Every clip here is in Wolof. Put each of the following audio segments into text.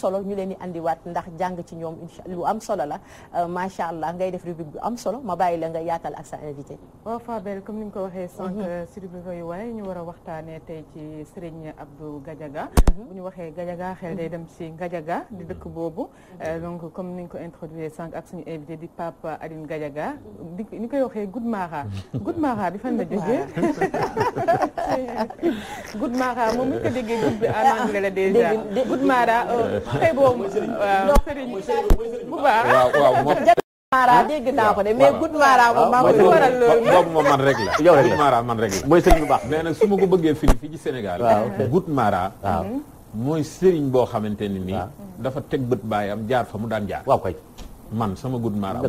solo ñu leen di andiwaat ndax jàng ci ñoom lu am solo la euh, macha allah ngay def rubrique bu am solo ma bàyyi la nga yaatal ak sa invité. waaw oh, Fabel comme ni ñu ko waxee sànq mhm. euh, si rubrique yooyu waaye ñu war a waxtaanee tey ci Serigne Abdou Gadiaga. Mhm. bu ñu waxee Gadiaga xel day mhm. dem si Gadiaga di dëkk boobu. Euh, donc comme ni ñu ko introduire sànq ak suñu invité di Pape Aline Gadiaga di ni koy waxee Good Mara Good Mara bi fa la jógee. Good Mara moom mi ko déggee Good Mara. waaw waaw waaw Mara dégg naa ko de mais gudd Mara moom maa man rek la mooy sëriñ bu baax mais nag su ma ko bëggee firi fii ci Sénégal gudd Mara mooy sëriñ boo xamante ni nii dafa teg baa baayam jaar fa mu daan jaar waaw kay man sama gudd maaraam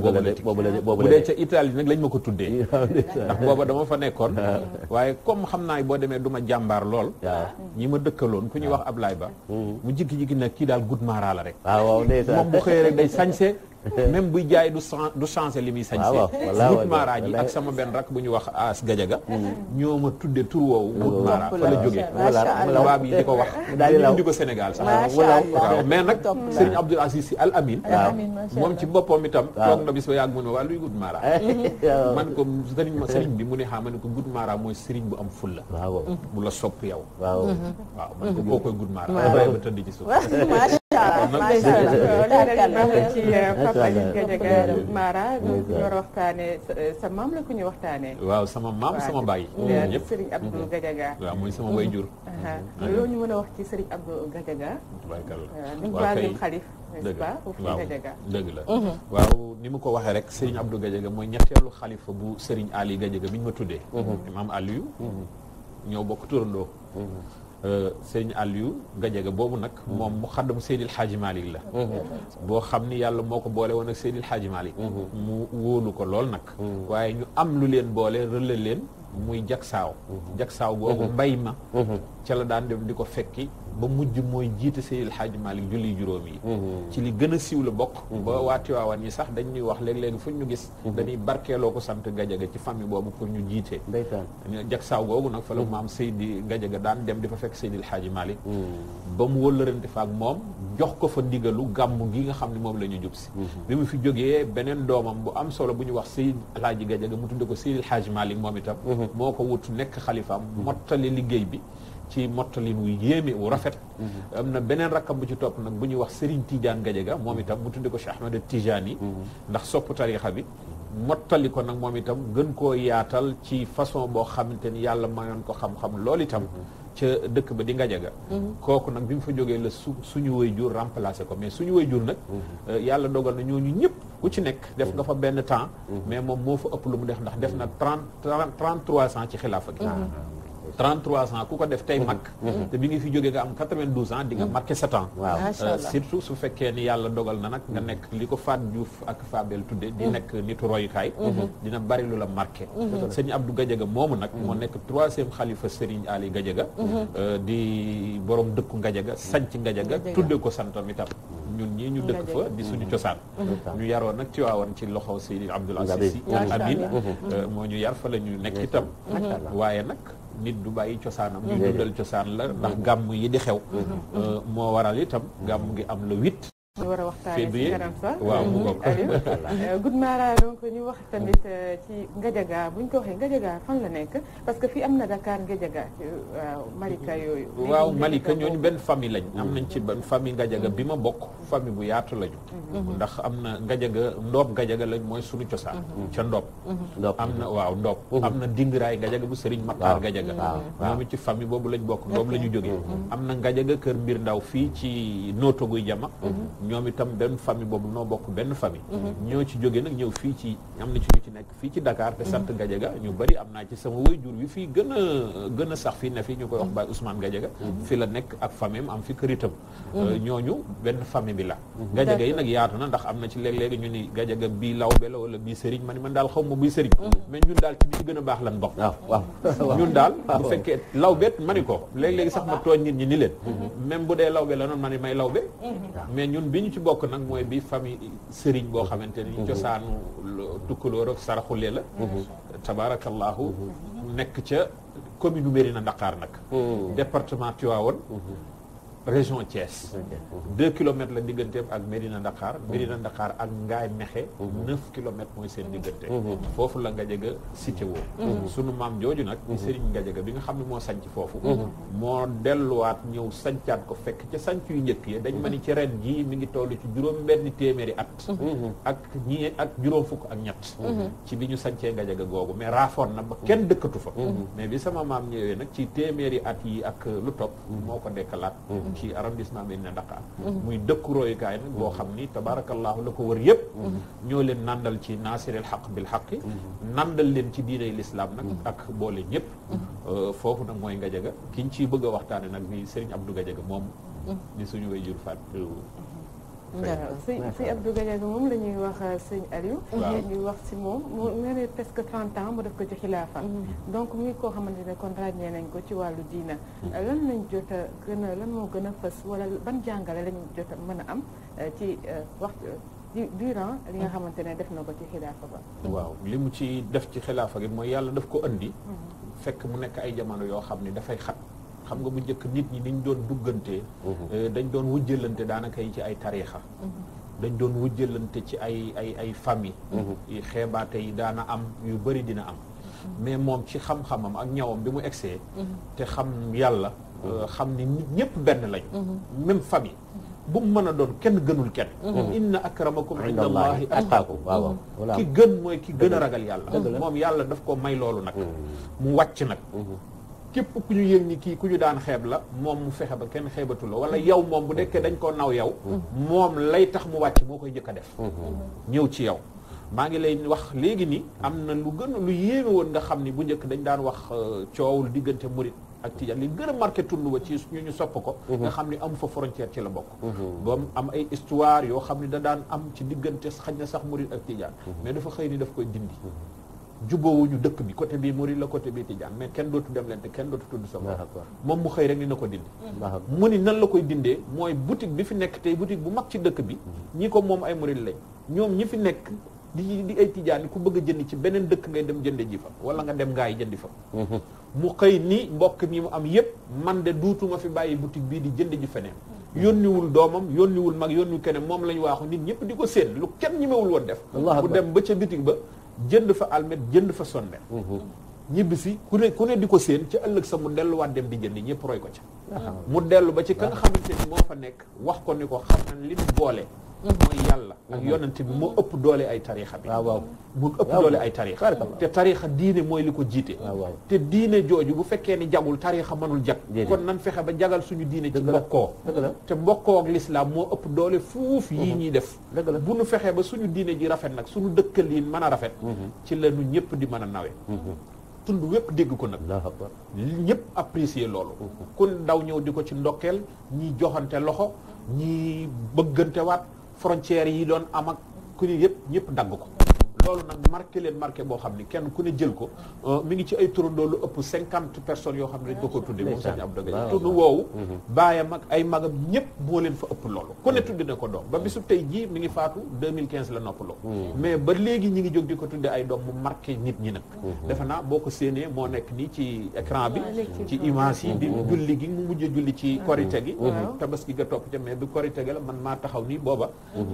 boobu la bu dee ca Italie nag lañ ma ko tuddee ndax booba dama fa nekkoon ah. waaye comme xam naa boo demee du ma jàmbaar lool ah. ñi ma dëkkaloon ku ñuy ah. wax Ablaay Ba mm-hmm. mu jikki-jikki nag kii daal gudd maaraa la rek moom bu xëyee rek day sañse même buy jaay du du changé li muy sañse mut maara ji ak sama benn rak bu ñu wax as gajaga mm-hmm. ñoo ma tudde tur woowu mut maara fa la jógee tubaab yi di ko wax ñu di ko Sénégal sax waaw mais nag Serigne Abdoul Aziz Sy Al Amin moom ci boppam itam toog na bis ba yàgg mu ne waa luy gut maara mm-hmm. man ko Serigne Serigne bi mu ne xaa ma ne ko gut maara mooy Serigne bu am fulla bu la sopp yow waaw man ko boo mm-hmm. koy gut maara ba tëdd macha allah ci Papa Aline Gadiaga Mara ñu sa maam la ku ñu waxtaanee. waaw sama maam sama baay. ñëpp Serigne Abdou mhm. Gadiaga. waaw mooy sama waajur. Mhm. loolu ñu mën a wax ci Serigne Abdou Gadiaga. waaw kay xalif dëgg la waaw dëgg la. Mhm. waaw ni mu ko waxee rek Serigne Abdou Gadiaga mooy ñetteelu xalifa bu Serigne Ali Gadiaga bi ñu ma tuddee. maam Aliou. ñoo bokk turandoo. sëriñ Aliou Gadiaga boobu nag moom mu xaddam Seydil Hadji Malick la boo xam ni yàlla moo ko boole woon ak Seydil mu wóolu ko lool nag waaye ñu am lu leen boole rëla leen muy jagsaaw jagsaaw boobu mhm. mbay ma mhm. ca la daan dem di ko fekki ba mujj mooy jiite Seydil Hadj Malick julli juróom yi mhm. ci li gën a siiw la bokk mhm. ba waa Tiwaawan yi sax dañ ñuy wax léeg-léeg fu ñu gis mhm. dañuy barkeeloo ko sant Gajaga ci famille boobu pour ñu jiite jak saaw googu nag fa la maam Seydi Gajaga daan dem di fa fekk Seydil Hadj Malick ba mu wëllërante fa ak moom jox ko fa ndigalu gàmm gi nga xam ne moom la ñu jub si bi mu fi jógee beneen doomam bu am solo bu ñu wax Seydil Hadj Gajaga mu tudde ko Seydil Hadj Malick moom itam moo ko wut nekk xalifaam mottali liggéey bi ci mottalin wu yéeme wu rafet mm-hmm. am na beneen rakkam bu ci topp nag bu ñuy wax Serigne Tidiane Gadiaga moom itam mu tudde ko Cheikh Ahmada Tijani mm-hmm. ndax sopp tarixa bi mottali ko nag moom itam gën koo yaatal ci façon boo xamante ni yàlla mayoon ko xam-xam loolu itam mm-hmm. ca dëkk ba di Ngadiaga kooku nag bi mu fa jógee la su suñu waajur remplacé ko mais suñu jur nag euh, yàlla dogal na ñu ñëpp ku ci nekk def nga fa benn temps mais moom moo fa ëpp lu mu def ndax def na trente trente trois ans ci xilaafa gi 33 ans ku ko def tey mhm. mag mhm. te bi nga fi jógee nga am 92 ans di nga mhm. marqué 7 ans euh, surtout su fekkee ni yàlla dogal na nag nga nekk li ko Faat juuf ak Fabel tudde di nekk nitu royukaay dina bari lu la marqué sëñ Abdou Gadiaga moomu nag moo nekk troisième xalifa Serigne Ali Gadiaga euh, di borom dëkku Gadiaga sanc Gadiaga tudde ko santam itam ñun ñii ñu dëkk fa di suñu cosaan ñu yaroon nag Tiwaawan ci loxo Seydi Abdoul Aziz Sy Amin euh, moo ñu yar fa la ñu nekk itam nit du bàyyi cosaanam ñu dundal cosaan la ndax gàmm yi di xew euh, moo waral itam gàmm gi am le huit ñu war a waxtaanee ci kanam sax wax tamit euh, ci bu ñu ko waxee ngajaga fan la nekk parce que fii am na Dakar Ngadiaga waaw Malika yooyu waaw Malika ñooñu benn famille lañ am nañ ci mm-hmm. benn famille Ngadiaga bi ma bokk mm-hmm. famille bu yaatu lañu mm-hmm. ndax am na Ngadiaga ndoob Ngadiaga lañ mooy sunu cosaan ca ndoob am na waaw ndoob am na dingiraay Ngadiaga bu Serigne Makhtar Ngadiaga ñoom ci famille boobu lañ bokk ndoob la ñu jógee am na Ngadiaga kër mbir ndaw fii ci nooto guy jama ñoom itam benn famille boobu noo bokk benn famille. Mhm. ñoo ci jóge nag ñëw fii ci am na ci ñu ci nekk fii ci dakaar te sant mhm. Gadiaga ñu bari am naa ci sama waajur wi fii gën a gën a sax fii ne fii ñu koy wax mhm. Baye Ousmane Gadiaga fi la nekk ak famille am fi kër itam euh, ñu benn famille bi la Gadiaga yi nag yaatu na ndax am na ci léeg-léeg ñu ni Gadiaga bii lawbe la wala bii sëriñ ma ni man daal xaw ma bii sëriñ mais ñun daal ci bi gën a baax lan bokk ah, waaw ñun daal bu ah, fekkee lawbeet léeg-léeg ma tooñ nit ni leen même bu dee lawbe la noonu ma ni may bi ñu ci bokk nag mooy bi famille sëriñ boo xamante ni mhm. cosaanu tukkulóor ak saraxule la mhm. tabaarakallaahu nekk ca commune u Mérina Dakhar nag mhm. département Tivaouane région Thiès. deux kilomètres la digganteem ak na Médina Ndakar. na Ndakar ak Ngaay Mexe. neuf kilomètres mooy seen diggante. foofu la Ngadiaga si woo. sunu maam jooju nag. Serigne Ngadiaga bi nga xam ne moo sanc foofu. moo delluwaat ñëw sancaat ko fekk ca sanc yu njëkk yi dañ ma ni ci ren jii mi ngi toll ci juróom benn téeméeri at. ak ñi ak juróom fukk ak ñett. ci bi ñu sancee Ngadiaga googu mais raafoon na ba kenn dëkkatu fa. mais bi sama maam ñëwee nag ci téeméeri at yi ak lu topp moo ko dekkalaat. ci arab lislaam leen na Dakar mhm. Mhm. muy dëkku royukaay nag boo xam ni tabaarakallaahu la ko wër yëpp mhm. ñoo leen nandal ci naasiril xaq bil xaqi nandal leen ci diiney lislaam nag ak boole ñëpp euh, foofu nag mooy Ngadiaga kiñ ciy bëgg a waxtaane nag ni Serigne Abdou Ngadiaga moom ni suñu way jur faat si si Abdou Gadiaga moom la ñuy wax euh, sëñ Aliou ñuy wax si moom mu nee presque trente ans mu def ko ci xilaafa mm-hmm. donc muy koo xamante ne kon ràññee nañ ko ci wàllu diina mm-hmm. lan lañ jot a gën a lan moo gën a fës wala ban jàngale lañ jot mën a am euh, ci euh, wax durant li nga mm-hmm. xamante ne def na ko ci xilaafa ba waaw li mu ci def ci xilaafa gi mooy yàlla def ko indi fekk mu nekk ay jamono yoo xam ni dafay xat xam nga bu njëkk nit ñi niñ doon duggante mhm. eh, dañ doon wujjalante daanaka yi ci ay tariixa mhm. dañ doon wujjalante ci ay ay ay famille mhm. xeebaate yi daana am yu bëri dina am mais moom ci xam-xamam ak ñawam bi mu egsee te xam yàlla eh, xam ni nit ñëpp benn lañu même famille bu mu mën a doon kenn gënul kenn inna akramakum inda allahi atqaakum waaw ki gën mooy ki gën a ragal yàlla moom yàlla daf ko may loolu nag mu wàcc nag képp ku ñu yëg ni kii ku ñu daan xeeb la moom mu fexe ba kenn xeebatuloo wala yow moom bu nekkee dañ koo naw yow mm-hmm. moom lay tax mu wàcc moo koy njëkk a def mm-hmm. ñëw ci yow maa ngi lay wax léegi nii am na lu gën lu yéeme woon nga xam ni bu njëkk dañ daan wax euh, coowul diggante murit ak tijaan li gën a marqué tund wa ci ñu ñu sopp ko mm-hmm. nga xam ni amu fa frontière ci la bokk ba am ay histoire yoo xam ni da daan am ci diggante xaj na sax murit ak tijaan mais dafa xëy ni daf koy dindi jubboowuñu dëkk bi côté bii murid la côté bii tijaan mais kenn dootu dem leen te kenn dootu tudd sa bopp moom mu xëy rek ni na ko dindi mm-hmm. mu ni nan la koy dindee mooy boutique bi fi nekk tey boutique bu mag ci dëkk bi mm-hmm. ñi ko moom ay murid lañ ñoom ñi fi nekk di di ay tijaan ku bëgg a jënd ci beneen dëkk ngay dem jënd ji fa wala nga dem ngaay jëndi fa mm-hmm. mu xëy ni mbokk mi mu am yépp man de duutuma fi bàyyi boutique bii di jënd ji feneen yónniwul doomam yónniwul mag yónniwul keneen moom lañ waaxu nit ñëpp di ko séen kenn ñi mewul woon def bu dem ba ca bitig ba jënd fa almet jënd fa sonde mhm. ñibbi si ku ne ku ne di ko séen ca ëllëg sa mu delluwaat dem di jënd ñëpp roy ko ca mu dellu ba ci ka nga xamante ni moo fa nekk wax ko ni ko xam na li mu boole mooy yàlla ak yonante bi moo ëpp doole ay tarixa bi waaw moo ëpp doole ay tarixa te tarixa diine mooy li ko jiite te diine jooju bu fekkee ni jagul tarixa mënul jag kon nan fexe ba jagal suñu diine ci mbokkoo te mbokkoo ak l'islam moo ëpp doole fuuf yii ñuy def bu nu fexe ba suñu diine ji rafet nag suñu dëkkaliin mën a rafet mm-hmm. ci la nu ñëpp di mën a nawe mm-hmm. tund wépp dégg ko nag ñëpp apprécier loolu mm-hmm. kun ndaw ñëw di ko ci ndokkeel ñi joxante loxo ñi bëggante waat frontières yi doon am ak kuni yëpp ñëpp dagg ko loolu nag marqué leen marqué boo xam ni kenn ku ne jël ko euh, mi ngi ci ay turandoo lu ëpp cinquante personnes yoo xam ne dañ ko ko tudde moom sëñ Abdou mm-hmm. ay magam ñëpp moo leen fa ëpp loolu ku ne mm-hmm. na ko doom ba bisu mm-hmm. tey ngi faatu 2015 la noppaloo mais ba léegi ñi ngi jóg di ko tudde ay doom mu marqué nit ñi nag defe naa boo ko séenee moo nekk nii ci écran bi ci image yi di julli gi mu mujj julli ci korite gi tabaski ga topp ca mais bi korite ga la man maa taxaw nii booba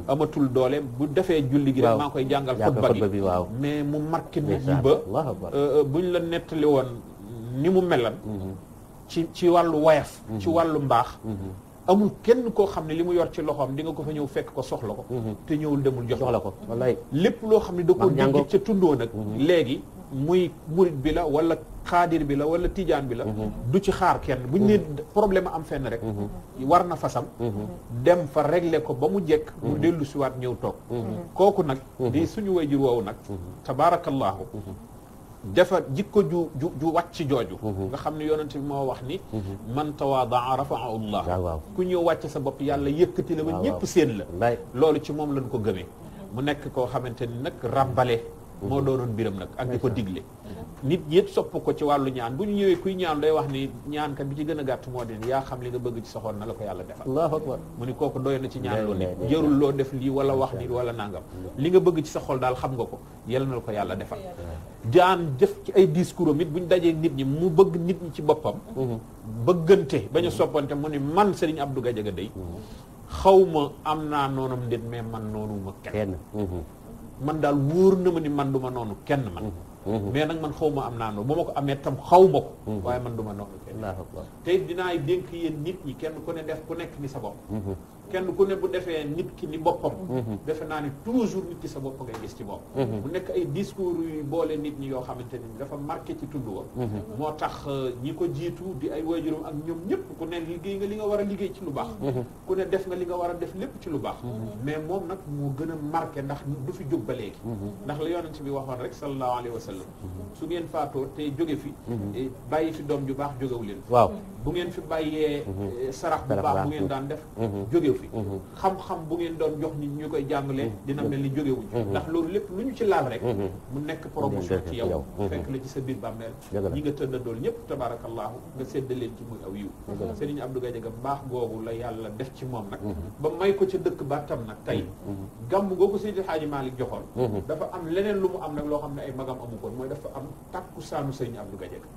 amatul doole bu defee julli gi rek maa koy jàngal xutba xutba bi waaw mais mu marqué nit ñi ba buñ la nettali woon ni mu melan mm-hmm. ci ci wàllu wayaf mm-hmm. ci wàllu mbaax mm-hmm. amul kenn koo xam ne li mu yor ci loxoom di nga ko fa ñëw fekk ko soxla ko te ñëwul demul jox la ko wallaay lépp loo xam ne da ko dégg ca tundoo nag léegi muy murit bi la wala xaadir bi la wala tijaan bi la mhm. du ci xaar kenn buñ ne mhm. problème am fenn rek mhm. war na fasam dem fa régler ko ba mu jekk mu dellu siwaat ñëw toog kooku nag di suñu wayjur woowu nag tabaarakallaahu dafa jikko ju ju ju wàcc jooju nga xam ne yonent moo wax ni man tawaa tawaadaa rafaahu llah ku ñëw wàcc sa bopp yàlla yëkkati la ba ñëpp seen la loolu ci moom lañ ko gëmee mu nekk koo xamante ni nag ràmbale moo doonoon biram nag ak di ko digle nit yëpp sopp ko ci wàllu ñaan bu ñu ñëwee kuy ñaan day wax ni ñaan kat bi ci gën a gàtt moo di yaa xam li nga bëgg ci soxoon na la ko yàlla defal allahu akbar mu ni kooku doy na ci ñaan loo loo def lii wala wax ni wala nangam li nga bëgg ci sa xol daal xam nga ko yàlla na la ko yàlla defal jaan jëf ci ay discours am bu ñu dajee nit ñi mu bëgg nit ñi ci boppam mm-hmm. bëggante ba a mm-hmm. soppante mu ni man du Abdou Gadiaga day mm-hmm. xaw ma am naa noonam ndit mais man noonu kenn man daal wóor na ma ni man du ma noonu kenn man mhm. Mhm. mais nag man xaw ma am naa noonu ba ma ko amee tam xaw ma ko mhm. waaye man du ma noonu kenn tey dinaa dénk yéen nit ñi kenn ku ne def ku nekk ni sa bopp kenn ku ne bu defee nit ki ni boppam mhm. defe naa ne toujours nit ki sa bopp ngay gis ci bopp mhm. mu nekk ay discours yu boole nit ñi yoo xamante ni dafa marqué ci tund wa mhm. moo tax euh, ñi ko jiitu di ay waajuram ak ñoom ñëpp ku ne liggéey nga li nga war a liggéey ci lu baax ku ne def nga li nga war a def lépp ci lu baax mais moom nag moo gën a marqué ndax du fi jóg ba léegi ndax la yonent bi waxoon rek sallallahu alayhi wa sallam su ngeen faatoo te jóge fi eh, bàyyi fi doom ju baax jógewu leen waaw bu ngeen fi bàyyee eh, sarax bu baax daan def jógewu fi mhm. xam-xam bu ngeen doon jox nit ñu koy jàngale mhm. dina mel ni jógewuñ mhm. ndax loolu lépp lu ñu ci laal rek mu nekk promotion ci yow fekk la ci sa biir bàmmeel ñi nga tëddandool ñëpp tabaarakallaahu nga sédda leen ci muy aw la yàlla def ci moom nag ba may ko ca dëkk ba tam nag tey gàmm goo ko Seydi Hadji Malick joxoon dafa am leneen lu mu am nag loo xam ne ay magam amu koon mooy dafa am takku saanu Serigne Abdou Gadiaga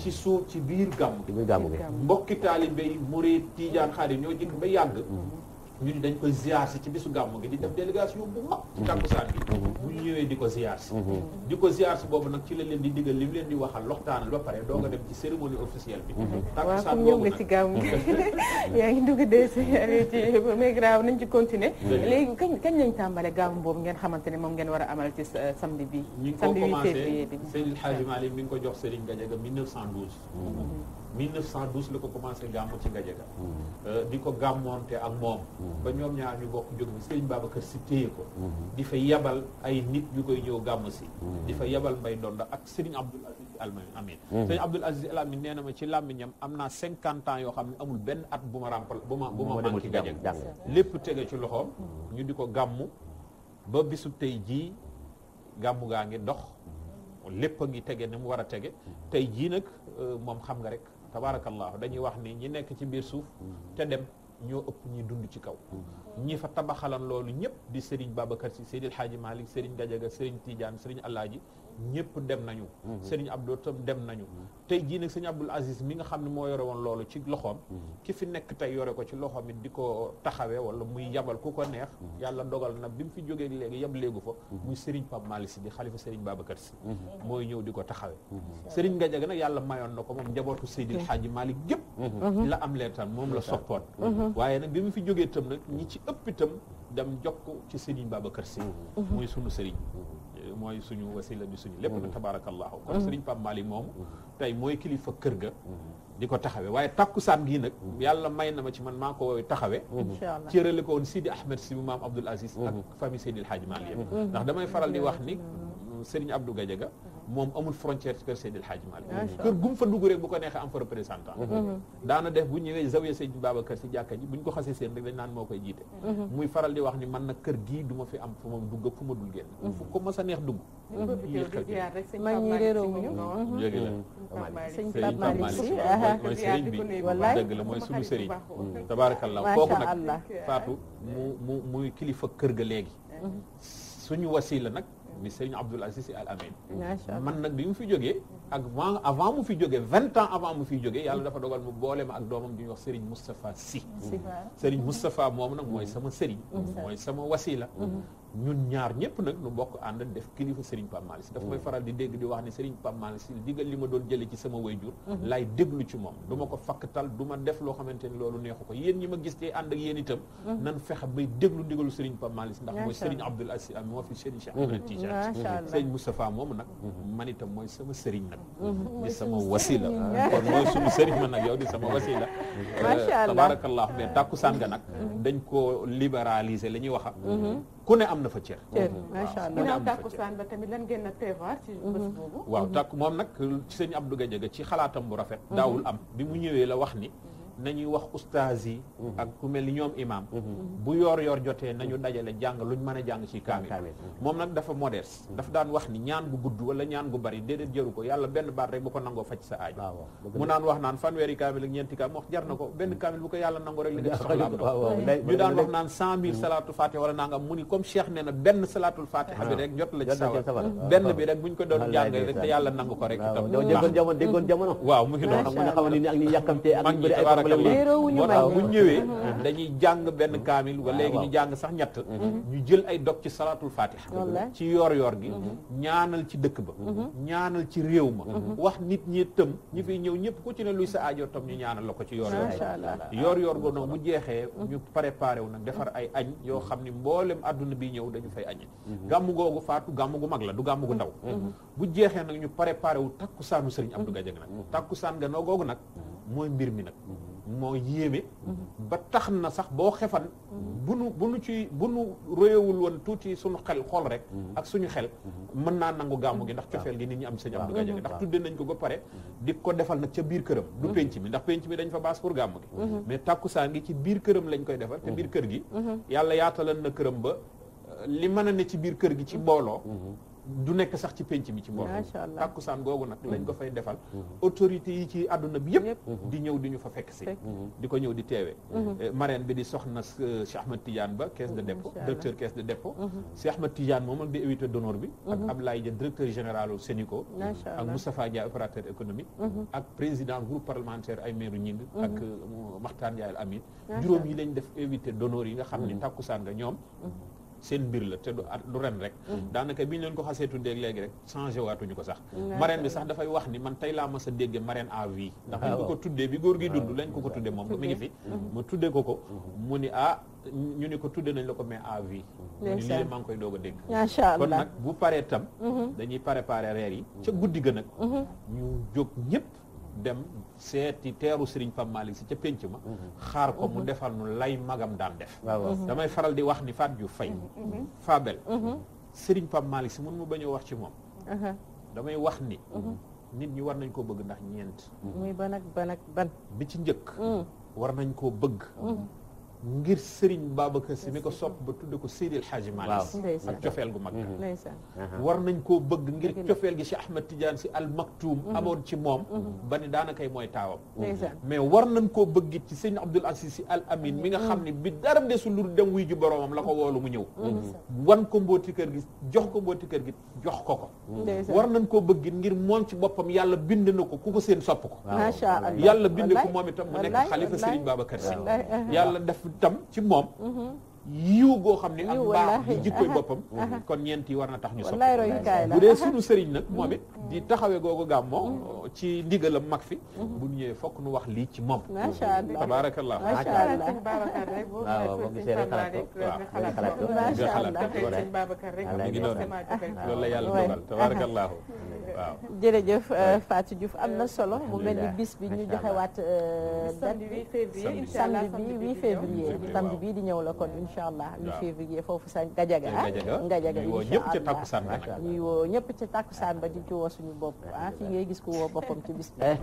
ci suuf ci biir gàmm gi mbokki taalibe yi murid tiijaan xaadim ñoo ba yàgg ñu ni dañ koy ziar si ci bisu gàmmu gi di def délégation bu mag ci bi mhm. bu ñëwee di ko ziar si mhm. di ko ziar si boobu nag ci la leen di digal li mu leen di waxal loxtaanal ba pare doo nga mhm. dem ci cérémonie officielle bi tàkkusaan boobu yaa ngi dugg dee si ci mais nañ ci continuer léegi kañ kañ lañ tàmbale gàmmu boobu ngeen xamante ne moom ngeen war a amal ci samedi bi ñu ngi ko commencé Seydil Hadji Malick mi ngi ko jox Serigne Gadiaga 1912 1912 la ko commencé gàmmu ci Gadiaga euh, di ko gàmmoonte ak moom ba ñoom ñaar ñu bokk jóg bi Serigne Babacar si téye ko mhm. di fa yabal ay nit ñu koy ñëw gàmm si mhm. di fa yabal mbay ndonda ak Serigne Abdoul Aziz Al Amin mhm. Serigne Amin nee na ma ci làmmiñam am naa cinquante ans yoo xam ne amul benn at bu ma ràmpal bu ma bu ma manqué gajeg lépp tege ci loxoom ñu di ko gàmmu ba bisu tey jii gàmmu gaa ngi dox lépp ngi tege ni mu war a tege tey jii nag euh, moom xam nga rek tabaarakallaahu dañuy wax ni ñi nekk ci biir suuf te dem ñoo ëpp ñuy dund ci kaw ñii fa tabaxalan loolu ñëpp di Serigne Babacar si Seydil Hadji Malick Serigne Gadiaga Serigne Tidiane Serigne Alaaji ñépp dem nañu mhm. Serigne Abdou tam dem nañu mhm. tey jii nag Serigne Abdoul mi nga xam ne moo yore woon loolu ci loxoom mhm. ki fi nekk tey yore ko ci loxoom it di ko taxawee wala muy yabal ku ko neex yàlla dogal na bi mu fi jógee léegi yab léegu fa muy Serigne Pape Malick Sy di xalifa Serigne Babacar Sy ñëw di ko taxawee Serigne Gadiaga nag yàlla mayoon na ko moom njabootu Seydil Hadji Malick gépp la am leen tam moom la soppoon waaye nag bi mu fi jógee tam nag ñi ci ëpp itam dem jokk ci Serigne Babacar Sy muy sunu Serigne mooy suñu wasila bi suñu lépp na mm-hmm. tabaarakallaahu kon mm-hmm. sëriñ Pape Malick moom mm-hmm. tey mooy kilifa kër ga di ko taxawe waaye tàkkusaan gii nag yàlla may na ma ci man maa ko taxawe cërale ko woon Sidi Ahmed si bu maam Abdoul Aziz ak famille Seydil Hadj Malick yëpp ndax damay faral di wax ni mm, sëriñ Abdou Gadiaga moom amul frontière ci kër Seydil Hadji Malick kër gum fa dugg rek bu ko neexee am fa représentant mm-hmm. Mm-hmm. daana def bu ñëwee zawiya Seydil Babacar si jàkka ji buñ ko xasee seen rek dañ naan moo koy jiite mm-hmm. muy faral di wax ni man nag kër gi du ma fi am fu ma dugg fu ma dul génn fu ko mës a neex dugg mag ñi réerowuñu léegi la sëñ Pape Malick si mooy sëriñ bi dëgg la mooy sunu sëriñ tabarakallah kooku nag Fatou mu mu muy kilifa kër ga léegi suñu wasila nag di Serigne Abdoul Aziz Sy Al Amin man nag bi mu fi jógee ak avant avant mu fi jógee vingt ans avant mu fi jógee yàlla dafa dogal mu boole ma ak doomam di ñuy wax Serigne Moustapha Sy Serigne Moustapha moom nag mooy sama Serigne mooy sama wasila mhm. ñun ñaar ñëpp nag lu bokk ànd def kilifa Serigne Pape Malick Sy dafa may mm. faral di dégg di wax ne Serigne Pape Malick Sy digal li ma doon jëlee ci sama wayjur mm-hmm. laay déglu ci moom du ma ko fakkatal du ma def loo xamante ni loolu neexu ko yéen ñi ma gis te ànd ak yéen itam mm-hmm. nan fexe bay déglu ndigalu Serigne Pape Malick Sy ndax mooy Serigne Abdoul Aziz moo fi Serigne Cheikh Ahmed Tidiane mm-hmm. Serigne Moustapha moomu nag man itam mooy sama Serigne nag di sama wasila kon mooy suñu Serigne man nag yow di sama wasila euh, tabaarakallah mais tàkkusaan nga nag dañ koo libéraliser la ñuy wax ku ne am na fa cër. Eh, macha allah ginnaaw tàkkusaan ba tamit lan ngeen a prévoir ci bés mhm. boobu. waaw tàkk moom nag ci sëñ Abdou Gadiaga ci xalaatam bu rafet. Mhm. daawul am bi mu ñëwee la wax ni. Mhm. nañuy wax ustaas yi mhm. ak ku mel ni ñoom imam mhm. bu yoor yoor jotee nañu dajale jàng luñ mën a jàng ci kaamil mhm. moom nag dafa modeste daf daan wax ni ñaan gu gudd wala ñaan gu bari déedéet jëru ko ko ah, mu naan wax naan fanweeri kaamil ak ñeenti kaamil ko rek li mu ni ah. la ci sawar benn ah. bi rek buñ ko doon jàng rek te yàlla nangu ko rek itam déggoon jamono déggoon waaw mu ngi noonu xam nga ne ni ak ni yàkkamtee ak ñu bëri ay problème moo tax mu ñëwee dañuy ah. jàng benn kaamil wala léegi ñu jàng sax ñett mhm. ñu jël ay dog ci salaatul fatiha ci yoor yoor gi mhm. ñaanal ci dëkk ba mhm. ñaanal ci réew ma wax nit ñi tëm ñi fiy ñëw ñëpp ku ci ne luy sa aajo ñu ñaanal la ko ci yoor yoor yoor yoor go nag bu jeexee ñu préparé wu nag defar ay añ yoo xam ni mboolem àdduna bi ñëw dañu fay añ gàmmu googu faatu gàmm gu mag la du gàmmu gu ndaw bu jeexee nag ñu préparé wu takkusaanu sëriñ Abdou Gadiaga nag takkusaan ga noo googu nag mooy mbir mi nag moo yéeme. Mm-hmm. ba tax na sax boo xefan. Mm-hmm. bu nu bu nu ci bu nu réewul woon tuuti suñu xel xool rek. Mm-hmm. ak suñu xel. mën naa nangu gàmmu gi ndax cofeel gi nit ñi am sëñ Abdou Gadiaga ndax tudde nañ ko ba pare. di ko defal nag ca biir këram. du penc mi ndax penc mi dañ fa baas pour gàmmu gi. mais tàkkusaan gi ci biir këram lañ koy defal. te biir kër gi. yàlla yaatalan na këram ba li mën a ne ci biir kër gi ci mbooloo. du nekk sax ci penc mi ci mboq mi tàkkusaan googu nag lañ ko mm-hmm. fay defal mm-hmm. autorité yi ci àdduna bi yëpp di ñëw di ñu fa fekk si mm-hmm. di ko ñëw di teewee eh, marraine bi di soxna euh, Cheikh Ahmed Tidiane ba caisse de dépôt directeur caisse de dépôt Cheikh Ahmed Tidiane moom ak di invité d'honneur bi ak Ablaye Dia directeur général u Sénico ak Moustapha Dia opérateur économique ak président groupe parlementaire ay meeru ñing ak euh, Makhtar Ndiaye Amin juróom yi lañ def invité d'honneur yi nga xam ne tàkkusaan nga ñoom seen mbir la te du ren rek mm. daanaka bi ñu leen ko xasee tuddee léegi rek changé waatuñu ko sax mm. marraine bi sax dafay wax ni man tey laa mas a dégge marraine à vie ah ndax dañ ko tuddee bi góor gi dund ah. lañ ko ko tuddee moom mu ngi fi mm-hmm. Mm-hmm. ma tuddee ko ko mm-hmm. mu ni ah ñu ni ko tuddee nañ la ko mais à vie lii maa ngi koy doog a dégg macha allah kon nag bu paree tam dañuy préparer reer yi ca guddi ga nag ñu jóg ñëpp dem seeti teeru Serigne Pape Malick si ca pénc ma xaar ko mu defal nu lay magam daan def mhm. damay faral di wax ni Fat yu Faye mhm, mhm. Fabel Serigne Pape Malick si mun ma bañ a wax ci moom uh-huh. damay wax ni nit ñi war nañ koo bëgg ndax ñeent muy ban ak ban bi ci njëkk mm. war nañ koo bëgg mm. ngir Serigne Babacar Sy mi ko sopp ba tudd ko Seydil Hadji Malick ak cofeel gu mag mhm. Mhm. war nañ koo bëgg ngir cofeel gi Cheikh Ahmed tijaan Sy Al Maktoum mhm. amoon ci moom ba ni daanakay mooy taawam mais war nañ koo bëggit ci Serigne Abdoul Aziz Sy Al Amine mi nga xam ne bi dara desul lu dem wuy ji boroomam la ko woolu mu ñëw wan ko mbooti kër gi jox ko mbooti kër gi jox ko ko war nañ koo bëggit ngir moom ci boppam yàlla bind na ko ku ko seen sopp ko yàlla bind ko moom itam mu nekk xalifa Serigne Babacar yàlla def tam ci moom yiw goo xam ne ak mbaax di jikkoy boppam kon ñeenti war na tax ñu sopp bu dee sunu sëriñ nag moom it di taxawee googu gàmmoo ci ndigalam mag fi bu ñëwee fokk nu wax lii ci moom macha allah tabarakallah macha allah waaw boo gisee rek xalaat jërëjëf euh, Fatou Diouf am na euh, solo mu mel ni bis bi ñu joxe waat euh, date bi samedi bi 8 bi di ñëw la kon incha allah 8 février foofu sa Gajaga Gajaga ah? incha allah ñuy woo ñëpp ca takkusaan ba di ci woo suñu bopp ah fii ngay gis ku woo boppam ci bis eh,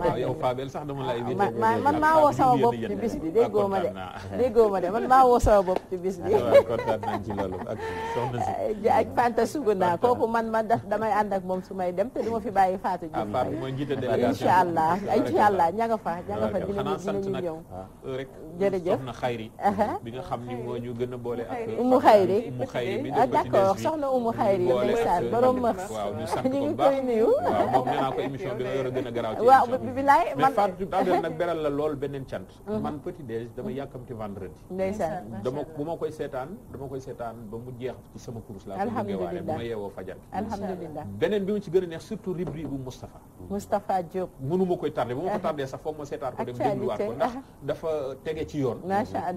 sax dama lay ah, invité man maa woo sama bopp ci bis ma de ah, déggoo ma de man maa woo sama bopp ci bis bi kontaan nañ ci loolu ak soxna si Suguna kooku man man damay ànd ak moom su may dem te duma fi bàyyi Fatou Diouf ah, Fatou mooy njiite délégation incha allah incha allah ña nga fa ña nga fa dinañu dinañu ñëw ah, rek xayri uh-huh. bi nga xam ni moo ñu gën a boole ak umu xayri umu xayri bi d' accord soxna umu xayri ah, ndeysaan borom max waaw ko bu baax waaw moom nee naa ko émission a a garaaw beral la lool beneen cant mhm. man petit déj dama mhm. yàkkamti vendredi ndeysaan dama bu ma koy seetaan dama koy seetaan ba mu jeex ci sama course la alhamdulilah bu yeewoo fajar alhamdulilah beneen bi mu ci gën a neex surtout déglu rubrique bu Moustapha. Moustapha Diop. mënuma koy tardé bu ma ko ah. tardé sax foog ma seetaan ko dem dégluwaat ko ndax ah. dafa tege ci yoon.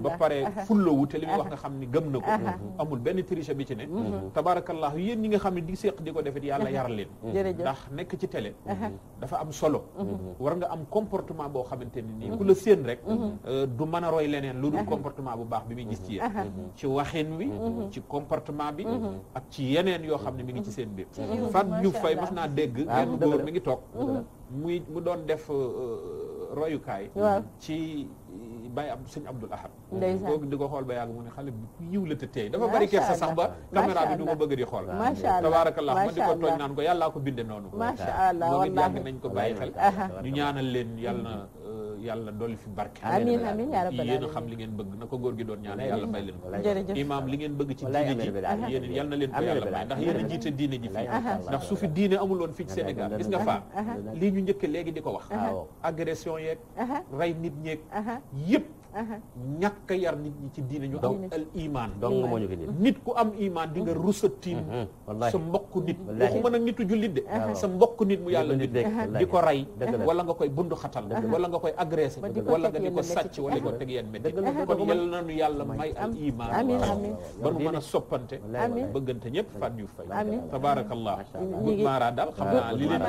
ba pare ah. fullawu te li wax nga xam ni gëm na mhm. amul benn triche bi ci ne. Mhm. Mhm. tabaarakallah yéen ñi nga xam ne di seq di ko defet yàlla yar leen. ndax nekk ci télé. dafa am solo. war nga am comportement boo xamante ne nii ku la séen rek. Euh, du mën a roy leneen lu dul comportement bu baax bi muy gis ci yéen. ci waxin wi. ci comportement bi. ak ci yeneen yoo xam ne mi ngi ci seen biir. Fatou Diouf Faye mas naa dégg Ah, benn góor mi ngi toog muy mu doon def euh, euh, royukaay ci euh, Baye Abdou Sëñ Abdoul Ahad kooku di ko xool ba yàgg mu ne xale bi yiw la te teey dafa bari kersa sax ba caméra bi du ko bëgg di xool tabaarakallah ma di ko tooñ naan ko yàllaa ko binde noonu moo ngi yàgg nañ ko bàyyi xel ñu ñaanal leen yàlla na yàlla dolli fi barke amiin amiin a xam li ngeen bëgg na ko góor gi doon ñaan yàlla bay leen ko imaam li ngeen bëgg ci diine ji yéen yal leen ko yàlla bay ndax yéen a jiite diine ji fii ndax su fi diine amul fii Sénégal gis nga faa lii ñu njëkke léegi di ko wax agression yeeg rey nit ñeeg yëpp Uh-huh. ñàkk a yar nit ñi ci diine ñu am al iman donc moo ñu nit ku am iman di nga uh-huh. rusa tiim uh-huh. sa mbokk nit waxuma nag nitu jullit de sa mbokk nit mu yàlla nit di ko rey wala nga koy bund xatal wala nga koy agressé wala nga di ko sàcc wala ko teg yenn métti kon yal nañu yàlla may al iman ba nu mën a soppante bëggante ñëpp fat yu fay tabarakallah gud maara daal xam naa li leen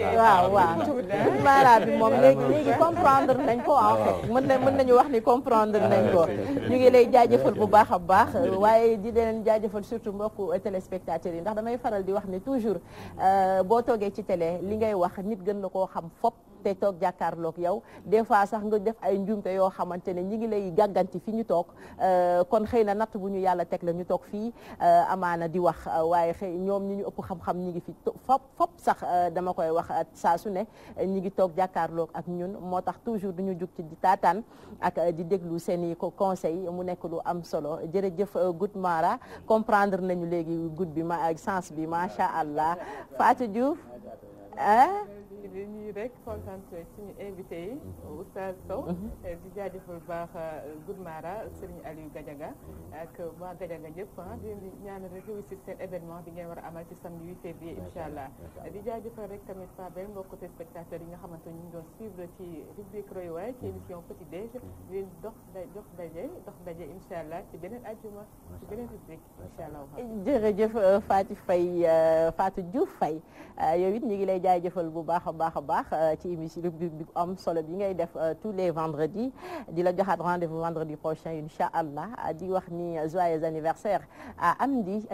ah, waaw waaw gud maara bi moom léegi léegi comprendre nañ ko en ah, mën na mën nañu wax ni comprendre nañ ko ah, ñu ngi lay jaajëfal bu baax a baax waaye di leen jaajëfal surtout mbokku téléspectateurs yi ndax damay faral di wax ni toujours euh, boo toogee ci télé li ngay wax nit gën la koo xam fop te toog jàkkaarloog yow des fois sax nga def ay njuumte yoo xamante ne ñi ngi lay gàgganti fi ñu toog euh, kon xëy na natt bu ñu yàlla teg la ñu toog fii euh, amaana di wax waaye xëy ñoom ñi ñu ëpp xam-xam ñi ngi fi fop fop sax euh, dama koy wax saa su ne ñi ngi toog jàkkaarlook ak ñun moo tax toujours du ñu jug ci di taataan ak di déglu seen i conseil mu nekk lu am solo jërëjëf Gout Mara comprendre nañu léegi Gout bi ma sens bi macha allah Fatou Diouf bi dañuy rek concentré suñu invité yi mhm. Oustaz Sow mhm. euh, di jaajëfal baax euh, Goudmara Serigne Aliou Gadiaga ak waa Gadiaga yëpp ah, di ñaanal rek réussir seen événement bi ngeen war a amal ci samedi 8 février incha allah di jaajëfal rek tamit Fabel mbokk téléspectateurs yi nga xamante ñu doon suivre ci rubrique Royukaay ci mhm. émission Petit Déj di dox da dox daje dox daje incha allah ci beneen ajjuma ci beneen rubrique incha allah jërëjëf euh, Fatou Faye Fatou Diouf Faye yow it ñu ngi lay jaajëfal bu baax a baax a baax euh, ci émission rubrique bi am solo bi ngay def euh, tous les vendredis di la joxaat rendez-vous vendredi prochain incha allah di wax ni euh, joyeux anniversaire à Amdi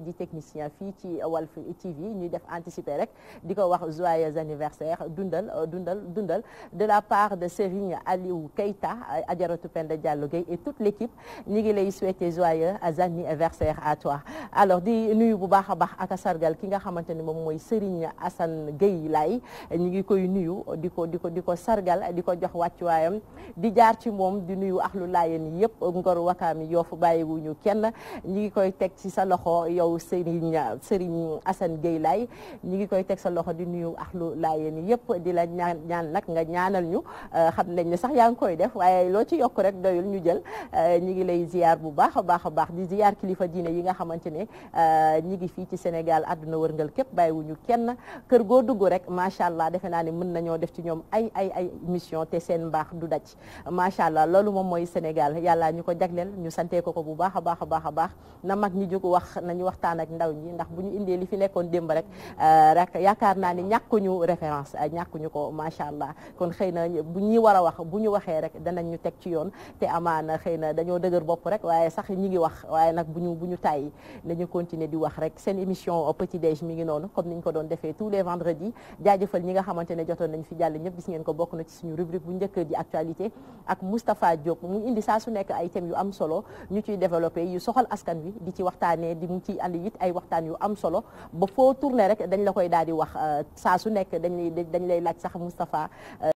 di technicien fii ci Walf TV ñuy def anticiper rek di ko wax joyeux anniversaire dundal dundal dundal de la part de Serigne Aliou Keita Adjaratou Penda Diallo Gueye et toute l'équipe ñu ngi lay souhaiter joyeux anniversaire à toi alors di nuyu bu baax a baax ak sargal ki nga xamante ni moom mooy Serigne Assane Gueye ñu ngi koy nuyu di ko di ko di ko sargal di ko jox wàccuwaayam di jaar ci moom di nuyu axlu laayeen yëpp ngor wakaam yoofu bàyyiwuñu kenn ñu ngi koy teg ci sa loxo yow Serigne Serigne Assane Gueye Laye ñu ngi koy teg sa loxo di nuyu axlu laayeen yëpp di la ñaan ñaan nag nga ñaanal ñu euh, xam nañ ne sax yaa ngi koy def waaye loo ci yokk rek doyul ñu jël euh, ñu ngi lay ziar bu baax a baax a baax di ziar kilifa diine yi nga xamante ne euh, ñi ngi fii ci Sénégal àdduna wërngal képp bàyyiwuñu macha allah defe naa ne mën nañoo def ci ñoom ay ay ay mission te seen mbaax du daj macha allah loolu moom mooy Sénégal yàlla ñu ko jagleel ñu santee ko ko bu baax a baax a baax a baax na mag ñi jóg wax nañu waxtaan ak ndaw ñi ndax bu ñu indee li fi nekkoon démb rek euh, rek yaakaar naa ni ñàkkuñu référence euh, ñàkkuñu ko macha allah kon xëy na bu ñi war a wax bu ñu waxee rek danañ ñu teg ci yoon te amaana xëy na dañoo dëgër bopp rek waaye sax ñi ngi wax waaye nag bu ñu bu ñu tàyyi nañu continuer di wax rek seen émission euh, petit déj mi ngi noonu comme niñ ko doon defee tous les vendredis jaajëfal ñi nga xamante ne jotoon nañ fi jàll ñëpp gis ngeen ko bokk na ci suñu rubrique bu njëkk di actualité ak Moustapha Diop mu indi saa su nekk ay thèmes yu am solo ñu ciy développé yu soxal askan wi di ci waxtaanee di mu ciy andi it ay waxtaan yu am solo ba foo tourné rek dañ la koy daal di wax saa su nekk dañ lay dañ lay laaj sax Moustapha